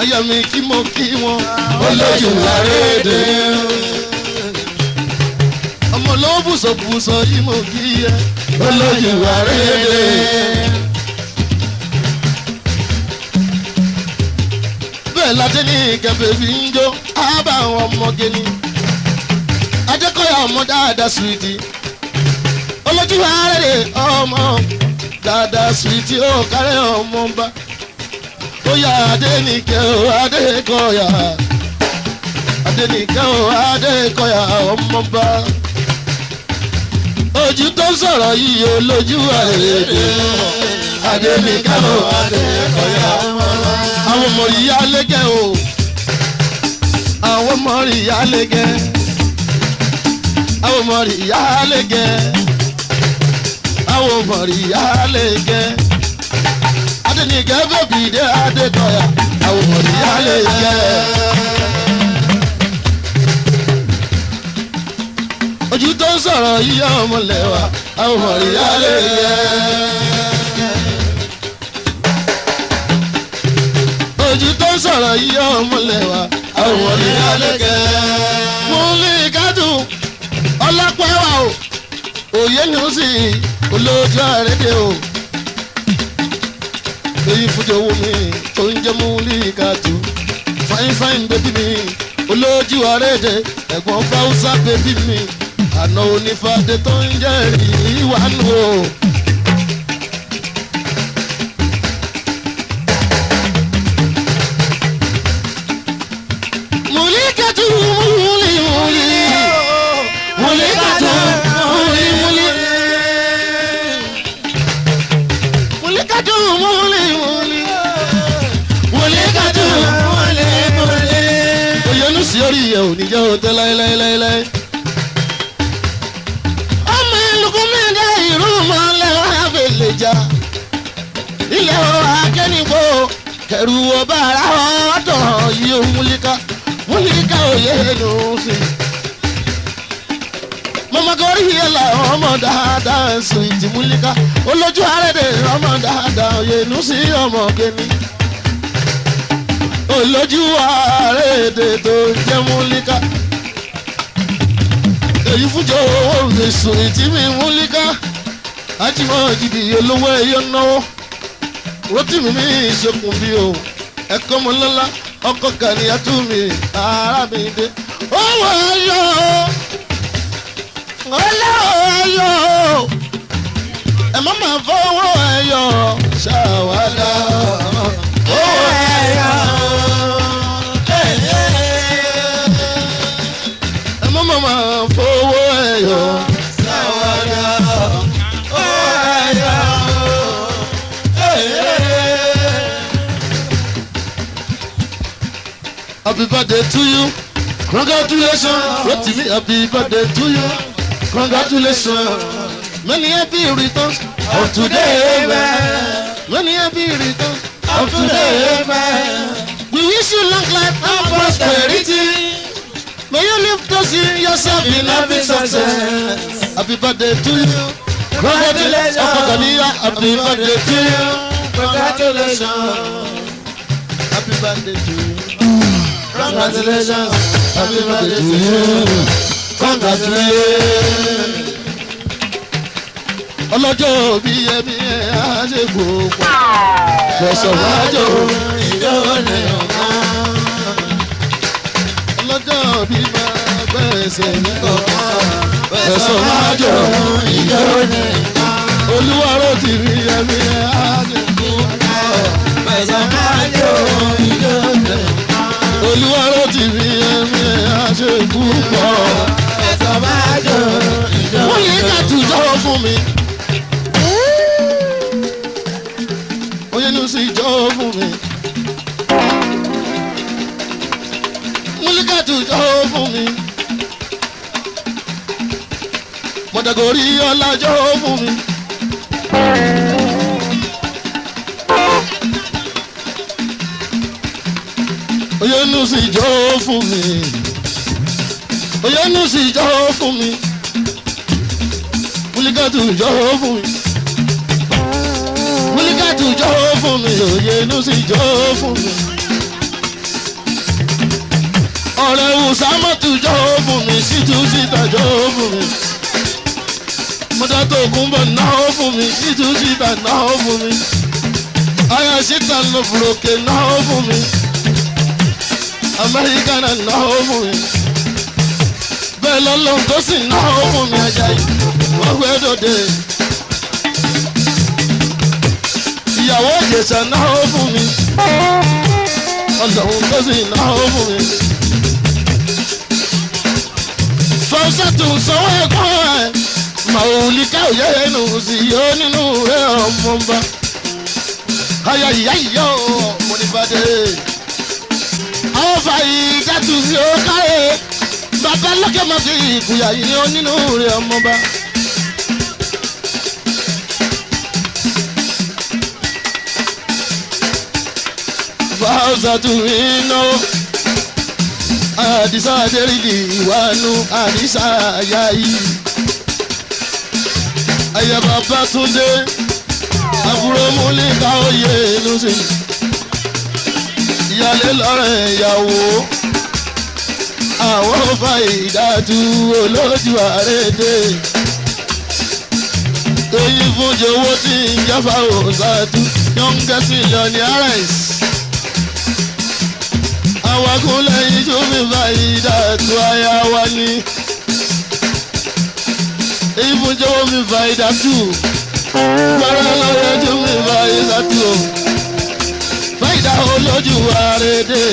ayọ̀ mi kí mo kí wọn olójú àrédè. ọmọ ló bùsọ̀bùsọ̀ yìí mo kí ẹ olójú àrédè. bẹ́ẹ̀ láti ní ìkẹfẹ́ fi ń jó ábà àwọn ọmọge ni Adékọ́yà ọmọ dáadáa suwìtì olójú ààrẹ ọmọ dáadáa suwìtì ó kárẹ̀ ọmọ bá ó yà Adénìkẹ́ ó Adékọ́yà Adénìkẹ́ ó Adékọ́yà ọmọ bá ojú tó sọ̀rọ̀ yìí olójú ààrẹ Adénìkẹ́ ó Adékọ́yà ọmọ àwọn ọmọ ìyá lẹ́gẹ̀ o àwọn ọmọ ìyá lẹ́gẹ̀ àwọn ọmọ ìyá lẹ́gẹ̀ àwọn ọmọ ìyá lẹ́gẹ̀ adẹnigẹ bẹbí dé adékọyà àwọn ọmọ ìyá lẹ́gẹ̀. ojú tó ń sọ̀rọ̀ yíyá ọmọlẹ́wà àwọn ọmọ ìyá lẹ́gẹ̀. sọ̀rọ̀ yíyọ ọmọlẹ́wà àwọn olùyà lẹ́kẹ́. Múlíkàdùn ọlọ́pẹ́wà o òye ni ó sì olójú àrédè o. èyí fújọ owó mi tó ń jẹ́ Múlíkàdùn fáínfáín bébí mi olójú àrédè ẹ̀gbọ́n fáwùsà bébí mi àná onífàdé tó ń jẹ́ ìwánu o. ò tẹ́ láéláéláé. ọmọ ẹlùkún mẹ́ta ìrú mọ́ lẹ́wọ́n àfẹlẹ̀ jà ilẹ̀ ọ̀ akẹ́nìkó kẹrù ọba ara ọ̀dọ̀ yìí ó múlíkà múlíkà òye nù sí i. mọ́mọ́kọ́rí yẹn là ọmọ dáadáa ẹ̀sùn ìtìmúlíkà olójú àrẹ̀dẹ̀ ọmọ dáadáa òye nù sí ọmọ kẹ́ni olójú ààrẹ èdè tó jẹ́ múlíkà. èyí fújọ owó èso ìtí mi múlíkà ajímọ̀ jìdì olówó ẹyọ náwó rotimi mi ìṣokùn bí o ẹ̀kọ́ mọ lọ́lá ọkọ̀ kàní àtúmì arábìnrin ó wà á yọ ó lọ́wọ́ á ẹ̀ má máa fọwọ́ ẹ̀ ṣàwádà. Happy birthday to you. Congratulations. me happy birthday to you. Congratulations. Many happy returns of today. Man. Eh? Many happy returns up to amen. We wish you long life and prosperity. May you live to see yourself in happy success. Happy birthday to you. Congratulations. Happy birthday to you. Congratulations. Happy birthday to you. Congratulations. Happy birthday to you. Congratulations ọlọ́jọ́ òbí ẹ̀mí ẹ̀ á ṣe gbogbo. Bọ̀sọ̀ wájú ìjọ rẹ̀ ọ̀gá. Ọlọ́jọ́ òbí máa gbẹ̀sẹ̀ ní ọ̀gá. Bọ̀sọ̀ wájú ìjọ rẹ̀ ọ̀gá. Olúwa ló ti rí ẹ̀mí ẹ̀ á ṣe gbogbo. Bọ̀sọ̀ wájú ìjọ rẹ̀ ọ̀gá. Olúwa ló ti rí ẹ̀mí ẹ̀ á ṣe gbogbo. Bọ̀sọ̀ wájú ìjọ rẹ̀ ọ̀gá. Wọ́n yẹ ká tùjọ́ fún mi. pọ̀tẹ́gòrí ọlájọ́ fún mi. oyenu sì jọ fún mi oyenu sì jọ fún mi múlíkàtù jọ fún mi múlíkàtù jọ fún mi oyenu sì jọ fún mi ọ̀rẹ́ wùsámọ́tù jọ fún mi sítúsítà jọ fún mi mọ́tò tó kún bọ̀ náwó fún mi títún ṣìbà náwó fún mi ayọ̀ ṣìtà lọ fúròkè náwó fún mi amẹ́ríkà náà náwó fún mi bẹ́ẹ̀ lọ́lọ́run tó sì náwó fún mi ajayi wọ́n gbé dòde. ìyàwó ìjẹsà náwó fún mi ọlọ́run tó sì náwó fún mi. fọ́sẹ̀tù sanwó ẹ̀kọ́ ẹ̀ màwùlíkà òyà ẹnu sì yọ nínú rẹ ọmọọba ayọ ìyá ìyá ọmọ nìbàdẹ àwọn fàyè ìdátù sí ó káyè bàbá lókè má fi ìkùyà yìí ó nínú rẹ ọmọọba. fàáṣà tún àdìsá adérídì ìwánu àdìsá ayáyí ẹ̀yẹ bàbá Túndé àbúrò múlíkà òye lùsì ìyálé lọ́rẹ̀ ìyàwó àwọn fa ìdájú olójú àrédè èyí fún jowó tí ń jáfa òṣàtú yọ̀ǹgẹ́sì lọ́ni rs awakùn lẹ́yìn tó fi fa ìdájú aya ni. Even ìfún jẹ́wọ́ mi fa ìdásù gbọ́dọ̀ lọ́yọ́jú mi fa ìdásù o fáyidá olójú àrèdè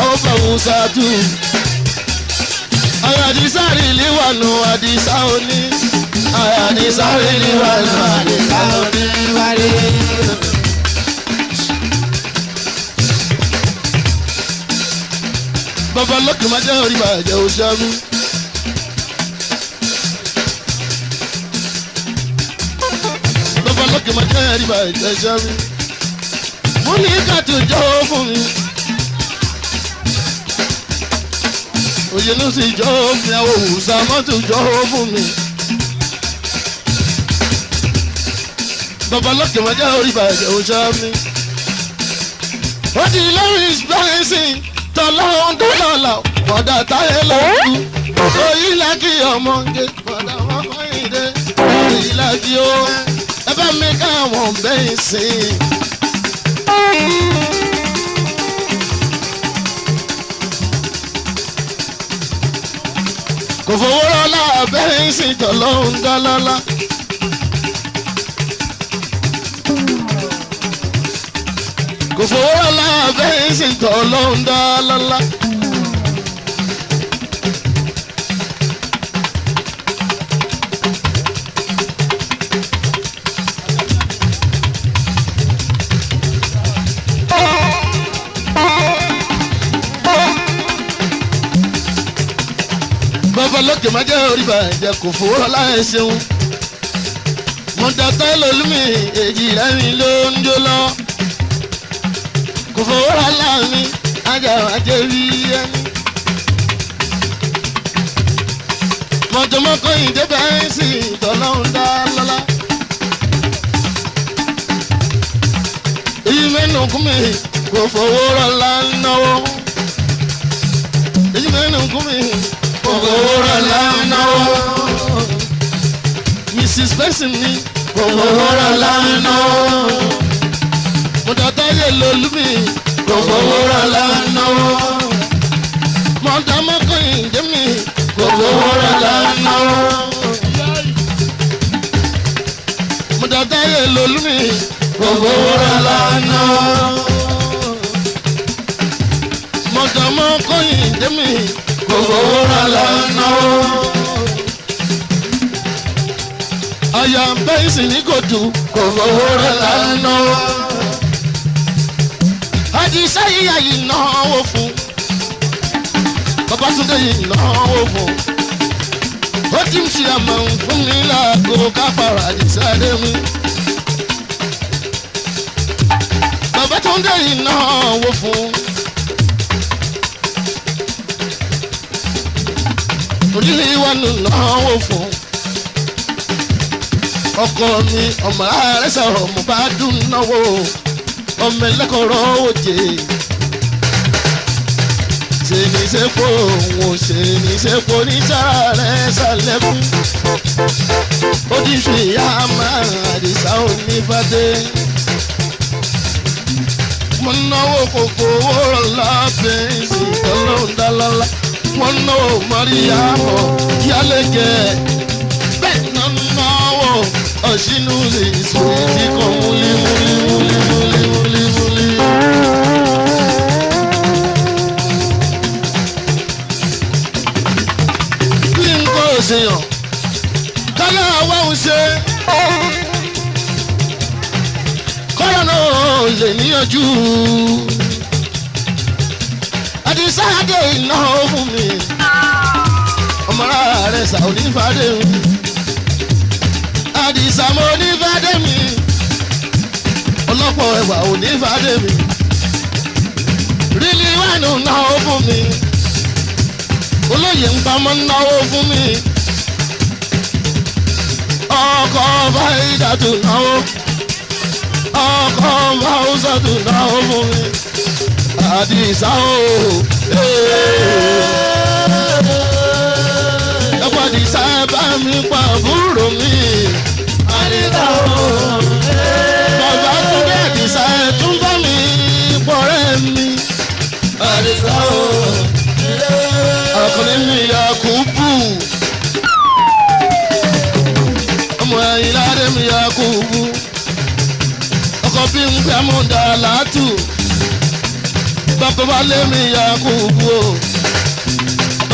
àwọn fàwọn sàtù àyàdísá rìlì wà nù àdìsá òní àyàdísá rìlì wà nù àdìsá òní wáyé. babalọ́kì máa jẹ́ orí bàjẹ́ òṣèlú. kí n máa jẹ́ ẹ̀ríbà ìtẹ̀sẹ̀ mi. mo ní kàtó jọ̀wọ́ fún mi. òye ló sì jọ̀wọ́ fún mi àwọn òwúsà mọ́tò jọ̀wọ́ fún mi. bàbá lọ́kì máa jẹ́ ẹ̀ríbà ìtẹ̀sẹ̀ mi. ó di lórí ìsìláìsì tọ́lá ohun tó lọ́la bọ̀dà táyé lọ́kù. òyìnlá kí ọmọ ń gé bọ̀dà wọn fọyín dé òyìnlá kí ó mi káwọn bẹ́ẹ̀ sí i. kò fowó rọlá abẹ́rẹ́ ìsìntọ́ lọ́hùn gánlọ́lá. kò fowó rọlá abẹ́rẹ́ ìsìntọ́ lọ́hùn gánlọ́lá. lókè má jẹ́ orí bàjẹ́ kò fowó láì ṣeun. mo dọ́tà lólùmí èjì rẹ́mi ló ń jó lọ. kò fowó rálá mi ajá wa jẹ́ rí ẹni. mọ̀jọ̀mọ́kọ́ ìjẹ́bẹ̀ ẹ̀ sì tọ́lọ́hún dá lọ́lá. èyí mẹ́nu kún mi kò fowó rálá náwó. èyí mẹ́nu kún mi kòkó rọ̀ lánàá. Mrs. Benson ní kòkó rọ̀ lánàá. Mọ̀tàtàyè lolúmi kòkó rọ̀ lánàá. Mọ̀tàmọ́kànyìn jẹ́mi kòkó rọ̀ lánàá. Mọ̀tàtàyè lolúmi kòkó rọ̀ lánàá. Mọ̀tàmọ́kànyìn jẹ́mi gbogbo owó rà lánàá. àyà ń bẹ́ ìsìn ní gòdù kò fowó rà lánàá. àdìsẹ́ ìyá yìí náwó fún Babátúndé yìí náwó fún ó ti ń ṣe àmọ̀ fún mi láago káfàrà àdìsẹ́ mi. Babátúndé yìí náwó fún. orílẹ̀ ìwà lọ́wọ́ fún. ọkọ mi ọmọ ààrẹ sọ̀rọ̀ mo bá dùn náwó ọmọ ẹlẹ́kọ̀ọ́rọ́ òjè. ṣe ní sẹ́pọ̀ òun ò ṣe ní sẹ́pọ̀ ní sára rẹ̀ sálẹ̀ fún. ó ti fi ìyá máa àdìsá onífàdé mo náwó kò fowó rọ̀ lábẹ́ ìsìn tọ́lọ́ńdálálá wọn náwó mọ́ríyàmọ́ yálẹ̀kẹ́ bẹ́ẹ̀ náà náwó ọ̀ṣínú lè sọ̀rọ̀ tí kò múlímúlímúlímúlímúlí. bí n kò ṣèyàn kọ́lá wa ń ṣe kọ́lá náà lè níyànjú àdìsáàdé iná fún mi. Àdìsá onífàdé mi Àdìsá mo onífàdé mi ọlọ́pọ̀ ẹwà onífàdé mi rílí wánú náwó fún mi olóyè ń pamọ́ náwó fún mi ọkọ̀ ọba ìdàtú náwó ọkọ̀ ọba ọ̀sàtú náwó fún mi Àdìsá o. Hey. mi pa àbúrò mi. àdìgbà o. bàbá tó dé àdìsá ẹ̀ tún bá mi pọ̀rẹ́ mi. àdìsá o. ọkùnrin mi yà kú bù. ọmọ ẹ̀yìn ládé mi yà kú bù. ọkọ bí n fẹ́ mú dà látù. bàbá balẹ̀ mi yà kú bù o.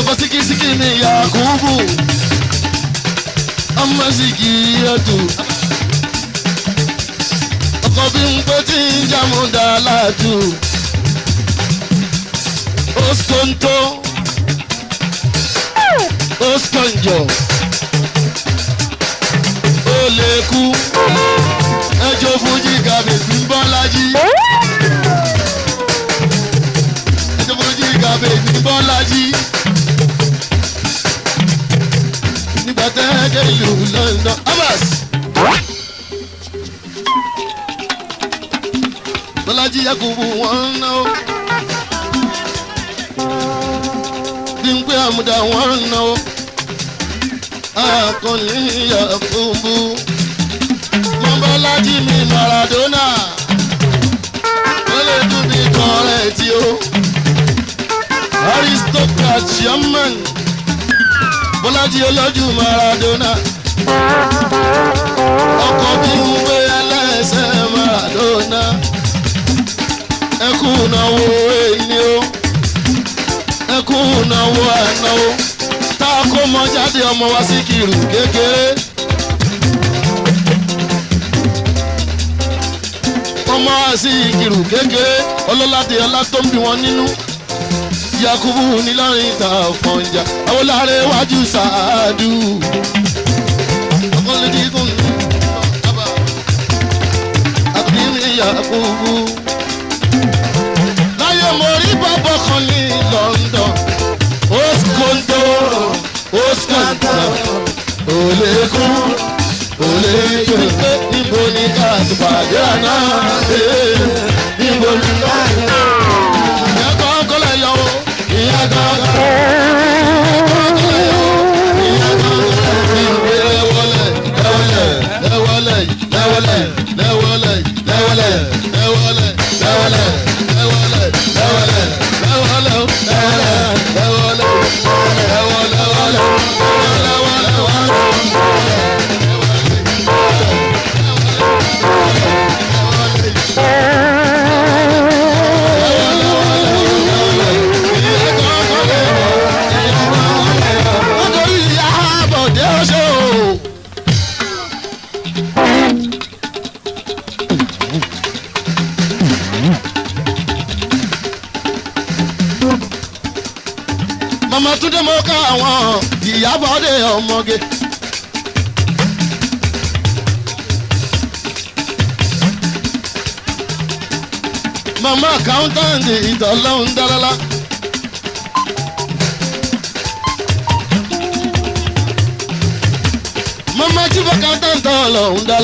ọkọ síkísíkí mi yà kú bù ọmọ sì kì í ọdún. ọkọ bí ń pé tí ń jámú dá láàdù. oskonto oskonjọ ó lè kú ẹjọ́ fújì kàbẹ̀sì bọ́lájí. ẹjọ́ fújì kàbẹ̀sì bọ́lájí. ìgbà tẹ́ dé ìlú London Abbas. Bọ́lájí Yakubu wọ́n ń náwó. Bímpé Àmúdá wọ́n ń náwó. Akọni Yakubu. Mọ́bọ́lájí mi Maradona. Ó lè tún bí kan rẹ̀ tí ó. Aristocrat German. Bọ́lájí olójú Maradona ọkọ̀ bí mo gbé ẹlẹ́sẹ̀ Maradona ẹkún náwó èyí o ẹkún náwó ànáwó tá a kó mọ jáde ọmọ wa sí kiri kékeré. ọmọ wa sí kiri kékeré ọlọ́ládé ọlá tó ń bí wọn nínú. Yakubu nílọrin ta fọnjà Awolare wájú Sàádù. ọkọlẹ́dígún ọ̀tàbà àbíní Yakubu. láyé mo rí bàbá kan ní London oskondo oskondo olèkún olèkún níbo ni ká ti àná níbo ni àná.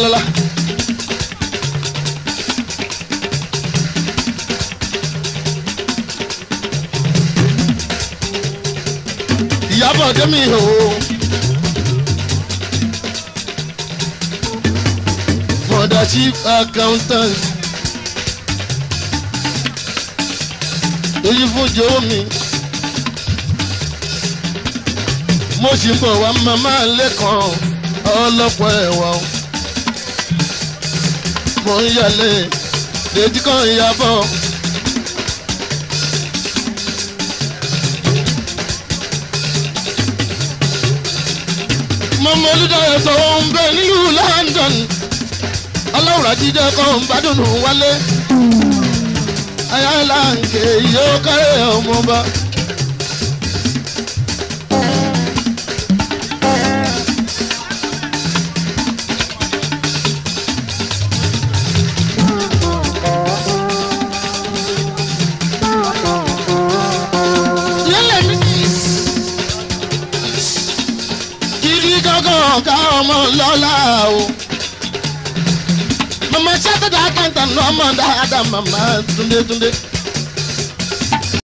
lọ́lá. Ìyábọ̀ Dẹ́mi o. Mọ̀dà chief accountant. Èyí fún jòwó mi. Mo sì ń bọ̀ wá máa máa lẹ́kọ̀ọ́ ọlọ́pàá ẹ̀wà o. kò ń yọlé dèjì kò ń yọbọ̀. mọ̀mọ́ olùdarí sọ̀rọ̀ ń bẹ nílùú London aláwùrà jíjẹ́ kan ń bá dùnú wálé ayáńlá ń ké yóò ọmọ lọ́la o. mama ṣẹ́tẹ̀dá kàńtà ní ọmọ dáadáa mama túndétúndé.